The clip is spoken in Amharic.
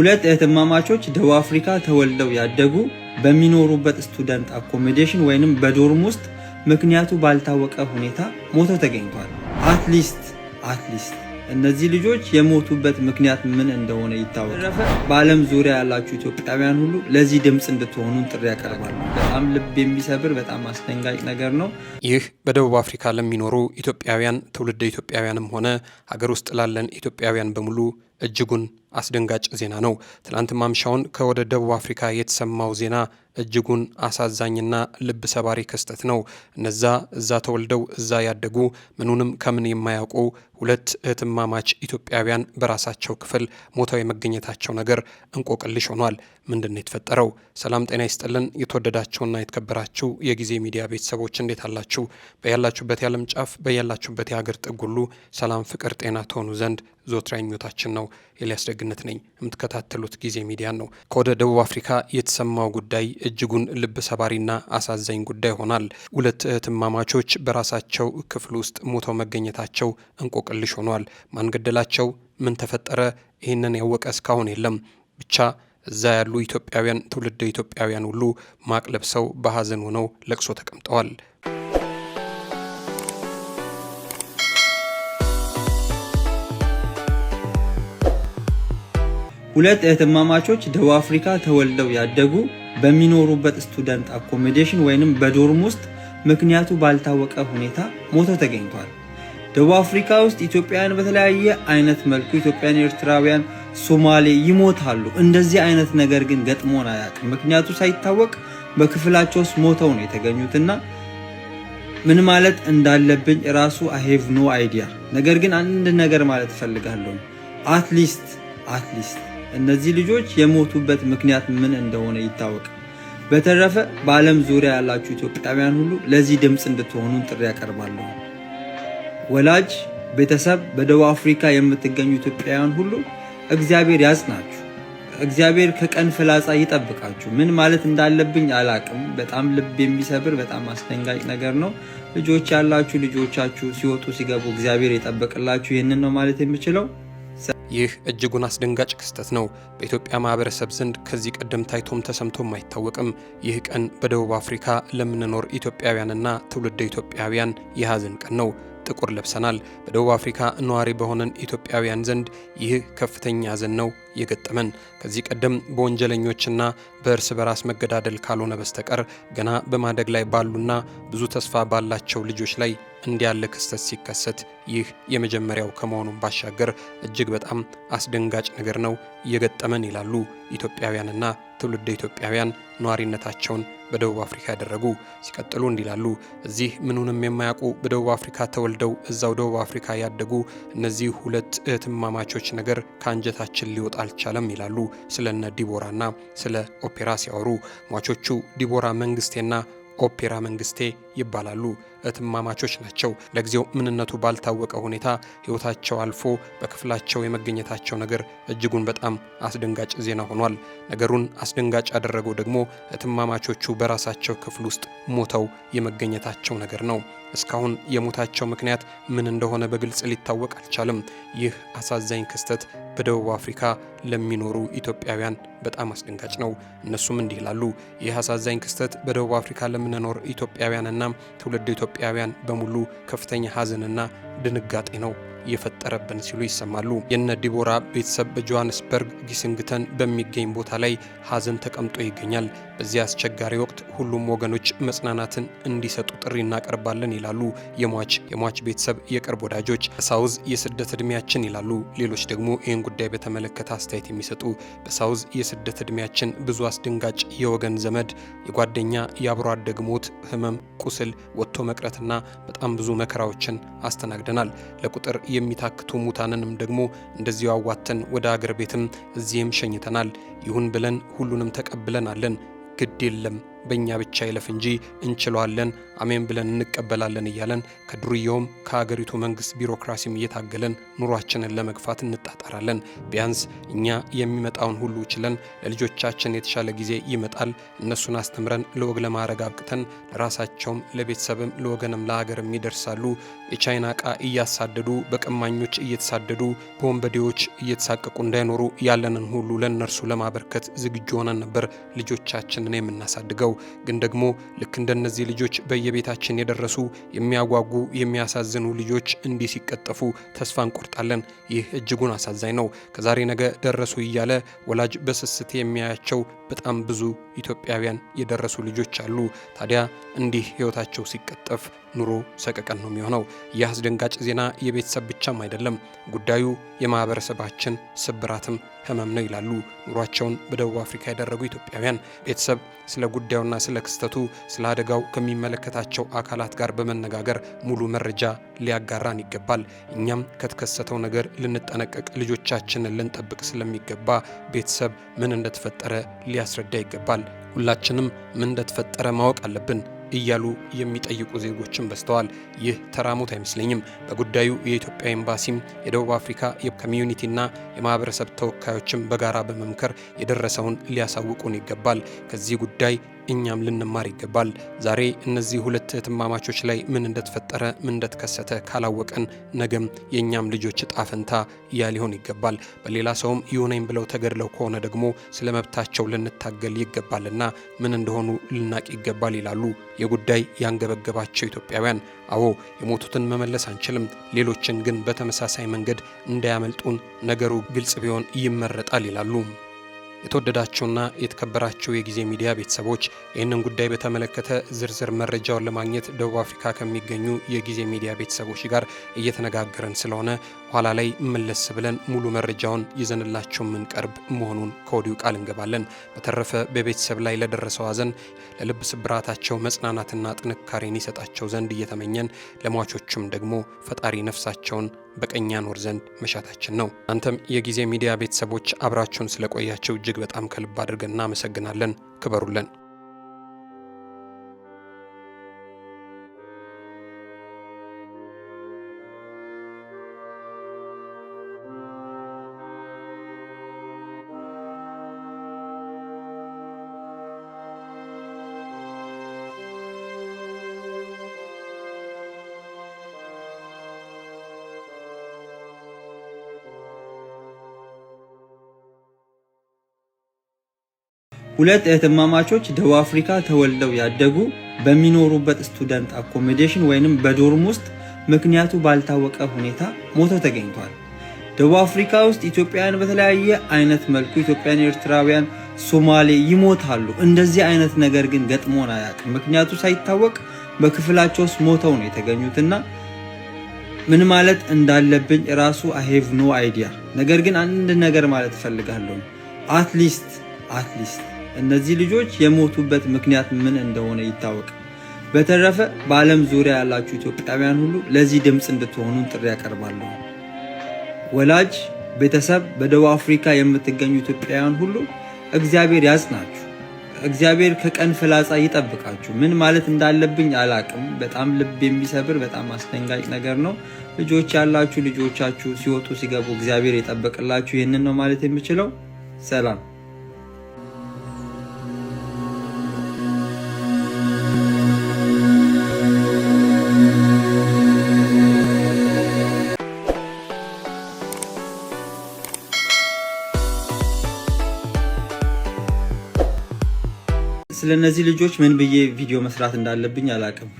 ሁለት እህትማማቾች ደቡብ አፍሪካ ተወልደው ያደጉ በሚኖሩበት ስቱደንት አኮሞዴሽን ወይንም በዶርም ውስጥ ምክንያቱ ባልታወቀ ሁኔታ ሞተው ተገኝቷል። አትሊስት አትሊስት እነዚህ ልጆች የሞቱበት ምክንያት ምን እንደሆነ ይታወቃል። በዓለም ዙሪያ ያላችሁ ኢትዮጵያውያን ሁሉ ለዚህ ድምፅ እንድትሆኑን ጥሪ ያቀርባሉ። በጣም ልብ የሚሰብር በጣም አስደንጋጭ ነገር ነው። ይህ በደቡብ አፍሪካ ለሚኖሩ ኢትዮጵያውያን ትውልደ ኢትዮጵያውያንም ሆነ ሀገር ውስጥ ላለን ኢትዮጵያውያን በሙሉ እጅጉን አስደንጋጭ ዜና ነው። ትናንት ማምሻውን ከወደ ደቡብ አፍሪካ የተሰማው ዜና እጅጉን አሳዛኝና ልብ ሰባሪ ክስተት ነው። እነዛ እዛ ተወልደው እዛ ያደጉ ምኑንም ከምን የማያውቁ ሁለት እህትማማች ኢትዮጵያውያን በራሳቸው ክፍል ሞተው የመገኘታቸው ነገር እንቆቅልሽ ሆኗል። ምንድን ነው የተፈጠረው? ሰላም ጤና ይስጥልን። የተወደዳችሁና የተከበራችሁ የጊዜ ሚዲያ ቤተሰቦች እንዴት አላችሁ? በያላችሁበት የዓለም ጫፍ በያላችሁበት የሀገር ጥግ ሁሉ ሰላም፣ ፍቅር፣ ጤና ተሆኑ ዘንድ ዞትራ ምኞታችን ነው። ኤልያስ ደግነት ነኝ። የምትከታተሉት ጊዜ ሚዲያን ነው። ከወደ ደቡብ አፍሪካ የተሰማው ጉዳይ እጅጉን ልብ ሰባሪና አሳዛኝ ጉዳይ ሆናል። ሁለት እህትማማቾች በራሳቸው ክፍል ውስጥ ሞተው መገኘታቸው እንቆቅልሽ ሆኗል። ማን ገደላቸው? ምን ተፈጠረ? ይህንን ያወቀ እስካሁን የለም። ብቻ እዛ ያሉ ኢትዮጵያውያን፣ ትውልደ ኢትዮጵያውያን ሁሉ ማቅ ለብሰው በሀዘን ሆነው ለቅሶ ተቀምጠዋል። ሁለት እህትማማቾች ደቡብ አፍሪካ ተወልደው ያደጉ በሚኖሩበት ስቱደንት አኮሞዴሽን ወይንም በዶርም ውስጥ ምክንያቱ ባልታወቀ ሁኔታ ሞቶ ተገኝቷል። ደቡብ አፍሪካ ውስጥ ኢትዮጵያውያን በተለያየ አይነት መልኩ ኢትዮጵያን፣ ኤርትራውያን፣ ሶማሌ ይሞታሉ። እንደዚህ አይነት ነገር ግን ገጥሞን አያውቅም። ምክንያቱ ሳይታወቅ በክፍላቸው ውስጥ ሞተው ነው የተገኙትና ምን ማለት እንዳለብኝ ራሱ አሄቭ ኖ አይዲያ። ነገር ግን አንድ ነገር ማለት እፈልጋለሁ። አትሊስት አትሊስት እነዚህ ልጆች የሞቱበት ምክንያት ምን እንደሆነ ይታወቅ። በተረፈ በዓለም ዙሪያ ያላችሁ ኢትዮጵያውያን ሁሉ ለዚህ ድምፅ እንድትሆኑ ጥሪ ያቀርባለሁ። ወላጅ ቤተሰብ፣ በደቡብ አፍሪካ የምትገኙ ኢትዮጵያውያን ሁሉ እግዚአብሔር ያጽናችሁ። እግዚአብሔር ከቀን ፍላጻ ይጠብቃችሁ። ምን ማለት እንዳለብኝ አላቅም። በጣም ልብ የሚሰብር በጣም አስደንጋጭ ነገር ነው። ልጆች ያላችሁ ልጆቻችሁ ሲወጡ ሲገቡ እግዚአብሔር ይጠብቅላችሁ። ይህንን ነው ማለት የምችለው። ይህ እጅጉን አስደንጋጭ ክስተት ነው። በኢትዮጵያ ማህበረሰብ ዘንድ ከዚህ ቀደም ታይቶም ተሰምቶም አይታወቅም። ይህ ቀን በደቡብ አፍሪካ ለምንኖር ኢትዮጵያውያንና ትውልደ ኢትዮጵያውያን የሀዘን ቀን ነው። ጥቁር ለብሰናል። በደቡብ አፍሪካ ነዋሪ በሆነን ኢትዮጵያውያን ዘንድ ይህ ከፍተኛ ሐዘን ነው የገጠመን። ከዚህ ቀደም በወንጀለኞችና በእርስ በራስ መገዳደል ካልሆነ በስተቀር ገና በማደግ ላይ ባሉና ብዙ ተስፋ ባላቸው ልጆች ላይ እንዲያለ ክስተት ሲከሰት ይህ የመጀመሪያው ከመሆኑም ባሻገር እጅግ በጣም አስደንጋጭ ነገር ነው የገጠመን ይላሉ ኢትዮጵያውያንና ትውልደ ኢትዮጵያውያን ነዋሪነታቸውን በደቡብ አፍሪካ ያደረጉ ሲቀጥሉ እንዲላሉ እዚህ ምኑንም የማያውቁ በደቡብ አፍሪካ ተወልደው እዛው ደቡብ አፍሪካ ያደጉ እነዚህ ሁለት እህትማማቾች ነገር ከአንጀታችን ሊወጣ አልቻለም ይላሉ። ስለነ ዲቦራና ስለ ኦፔራ ሲያወሩ ሟቾቹ ዲቦራ መንግስቴና ኦፔራ መንግስቴ ይባላሉ። እትማማቾች ናቸው። ለጊዜው ምንነቱ ባልታወቀ ሁኔታ ሕይወታቸው አልፎ በክፍላቸው የመገኘታቸው ነገር እጅጉን በጣም አስደንጋጭ ዜና ሆኗል። ነገሩን አስደንጋጭ ያደረገው ደግሞ እትማማቾቹ በራሳቸው ክፍል ውስጥ ሞተው የመገኘታቸው ነገር ነው። እስካሁን የሞታቸው ምክንያት ምን እንደሆነ በግልጽ ሊታወቅ አልቻለም። ይህ አሳዛኝ ክስተት በደቡብ አፍሪካ ለሚኖሩ ኢትዮጵያውያን በጣም አስደንጋጭ ነው። እነሱም እንዲህ ይላሉ። ይህ አሳዛኝ ክስተት በደቡብ አፍሪካ ለምንኖር ኢትዮጵያውያንና ትውልድ ኢትዮጵያውያን በሙሉ ከፍተኛ ሐዘንና ድንጋጤ ነው የፈጠረብን ሲሉ ይሰማሉ። የነ ዲቦራ ቤተሰብ በጆሃንስበርግ ጊስንግተን በሚገኝ ቦታ ላይ ሀዘን ተቀምጦ ይገኛል። በዚህ አስቸጋሪ ወቅት ሁሉም ወገኖች መጽናናትን እንዲሰጡ ጥሪ እናቀርባለን ይላሉ የሟች የሟች ቤተሰብ የቅርብ ወዳጆች። በሳውዝ የስደት እድሜያችን ይላሉ ሌሎች ደግሞ ይህን ጉዳይ በተመለከተ አስተያየት የሚሰጡ በሳውዝ የስደት እድሜያችን ብዙ አስደንጋጭ የወገን ዘመድ፣ የጓደኛ፣ የአብሮ አደግ ሞት፣ ህመም፣ ቁስል፣ ወጥቶ መቅረትና በጣም ብዙ መከራዎችን አስተናግደናል። ለቁጥር የሚታክቱ ሙታንንም ደግሞ እንደዚሁ አዋተን ወደ አገር ቤትም እዚህም ሸኝተናል። ይሁን ብለን ሁሉንም ተቀብለናለን። ግድ የለም በእኛ ብቻ ይለፍ እንጂ እንችለዋለን፣ አሜን ብለን እንቀበላለን እያለን ከዱርየውም ከአገሪቱ መንግስት ቢሮክራሲም እየታገለን ኑሯችንን ለመግፋት እንጣጣራለን። ቢያንስ እኛ የሚመጣውን ሁሉ ችለን ለልጆቻችን የተሻለ ጊዜ ይመጣል፣ እነሱን አስተምረን ለወግ ለማዕረግ አብቅተን ለራሳቸውም ለቤተሰብም ለወገንም ለሀገርም ይደርሳሉ። የቻይና ዕቃ እያሳደዱ በቀማኞች እየተሳደዱ በወንበዴዎች እየተሳቀቁ እንዳይኖሩ ያለንን ሁሉ ለእነርሱ ለማበርከት ዝግጁ ሆነን ነበር ልጆቻችንን የምናሳድገው። ግን ደግሞ ልክ እንደነዚህ ልጆች በየቤታችን የደረሱ የሚያጓጉ የሚያሳዝኑ ልጆች እንዲህ ሲቀጠፉ ተስፋ እንቆርጣለን። ይህ እጅጉን አሳዛኝ ነው። ከዛሬ ነገ ደረሱ እያለ ወላጅ በስስት የሚያያቸው በጣም ብዙ ኢትዮጵያውያን የደረሱ ልጆች አሉ። ታዲያ እንዲህ ህይወታቸው ሲቀጠፍ ኑሮ ሰቀቀን ነው የሚሆነው። ይህ አስደንጋጭ ዜና የቤተሰብ ብቻም አይደለም፣ ጉዳዩ የማህበረሰባችን ስብራትም ህመም ነው ይላሉ ኑሯቸውን በደቡብ አፍሪካ ያደረጉ ኢትዮጵያውያን። ቤተሰብ ስለ ጉዳዩና ስለ ክስተቱ፣ ስለ አደጋው ከሚመለከታቸው አካላት ጋር በመነጋገር ሙሉ መረጃ ሊያጋራን ይገባል። እኛም ከተከሰተው ነገር ልንጠነቀቅ፣ ልጆቻችንን ልንጠብቅ ስለሚገባ ቤተሰብ ምን እንደተፈጠረ ሊያስረዳ ይገባል። ሁላችንም ምን እንደተፈጠረ ማወቅ አለብን እያሉ የሚጠይቁ ዜጎችን በዝተዋል። ይህ ተራሞት አይመስለኝም። በጉዳዩ የኢትዮጵያ ኤምባሲም የደቡብ አፍሪካ የኮሚዩኒቲና የማህበረሰብ ተወካዮችም በጋራ በመምከር የደረሰውን ሊያሳውቁን ይገባል። ከዚህ ጉዳይ እኛም ልንማር ይገባል። ዛሬ እነዚህ ሁለት እህትማማቾች ላይ ምን እንደተፈጠረ ምን እንደተከሰተ ካላወቀን ነገም የእኛም ልጆች እጣ ፈንታ ያ ሊሆን ይገባል። በሌላ ሰውም ይሁነኝ ብለው ተገድለው ከሆነ ደግሞ ስለ መብታቸው ልንታገል ይገባልና ምን እንደሆኑ ልናቅ ይገባል ይላሉ። የጉዳይ ያንገበገባቸው ኢትዮጵያውያን አዎ የሞቱትን መመለስ አንችልም፣ ሌሎችን ግን በተመሳሳይ መንገድ እንዳያመልጡን ነገሩ ግልጽ ቢሆን ይመረጣል ይላሉ። የተወደዳችሁና የተከበራችሁ የጊዜ ሚዲያ ቤተሰቦች ይህንን ጉዳይ በተመለከተ ዝርዝር መረጃውን ለማግኘት ደቡብ አፍሪካ ከሚገኙ የጊዜ ሚዲያ ቤተሰቦች ጋር እየተነጋገረን ስለሆነ ኋላ ላይ መለስ ብለን ሙሉ መረጃውን ይዘንላችሁ የምንቀርብ መሆኑን ከወዲሁ ቃል እንገባለን። በተረፈ በቤተሰብ ላይ ለደረሰው ሐዘን፣ ለልብ ስብራታቸው መጽናናትና ጥንካሬን ይሰጣቸው ዘንድ እየተመኘን ለሟቾቹም ደግሞ ፈጣሪ ነፍሳቸውን በቀኛ ኖር ዘንድ መሻታችን ነው። እናንተም የጊዜ ሚዲያ ቤተሰቦች አብራችሁን ስለቆያቸው እጅግ በጣም ከልብ አድርገን እናመሰግናለን። ክበሩልን። ሁለት እህትማማቾች ደቡብ አፍሪካ ተወልደው ያደጉ በሚኖሩበት ስቱደንት አኮሞዴሽን ወይንም በዶርም ውስጥ ምክንያቱ ባልታወቀ ሁኔታ ሞተው ተገኝቷል። ደቡብ አፍሪካ ውስጥ ኢትዮጵያውያን በተለያየ አይነት መልኩ ኢትዮጵያን፣ ኤርትራውያን፣ ሶማሌ ይሞታሉ። እንደዚህ አይነት ነገር ግን ገጥሞን አያውቅም። ምክንያቱ ሳይታወቅ በክፍላቸው ውስጥ ሞተው ነው የተገኙትና ምን ማለት እንዳለብኝ ራሱ አሄቭ ኖ አይዲያ። ነገር ግን አንድ ነገር ማለት እፈልጋለሁ አትሊስት አትሊስት እነዚህ ልጆች የሞቱበት ምክንያት ምን እንደሆነ ይታወቅ። በተረፈ በዓለም ዙሪያ ያላችሁ ኢትዮጵያውያን ሁሉ ለዚህ ድምፅ እንድትሆኑን ጥሪ ያቀርባለሁ። ወላጅ ቤተሰብ፣ በደቡብ አፍሪካ የምትገኙ ኢትዮጵያውያን ሁሉ እግዚአብሔር ያጽናችሁ። እግዚአብሔር ከቀን ፍላጻ ይጠብቃችሁ። ምን ማለት እንዳለብኝ አላቅም። በጣም ልብ የሚሰብር በጣም አስደንጋጭ ነገር ነው። ልጆች ያላችሁ ልጆቻችሁ ሲወጡ ሲገቡ እግዚአብሔር ይጠብቅላችሁ። ይህንን ነው ማለት የምችለው። ሰላም ስለነዚህ ልጆች ምን ብዬ ቪዲዮ መስራት እንዳለብኝ አላቅም።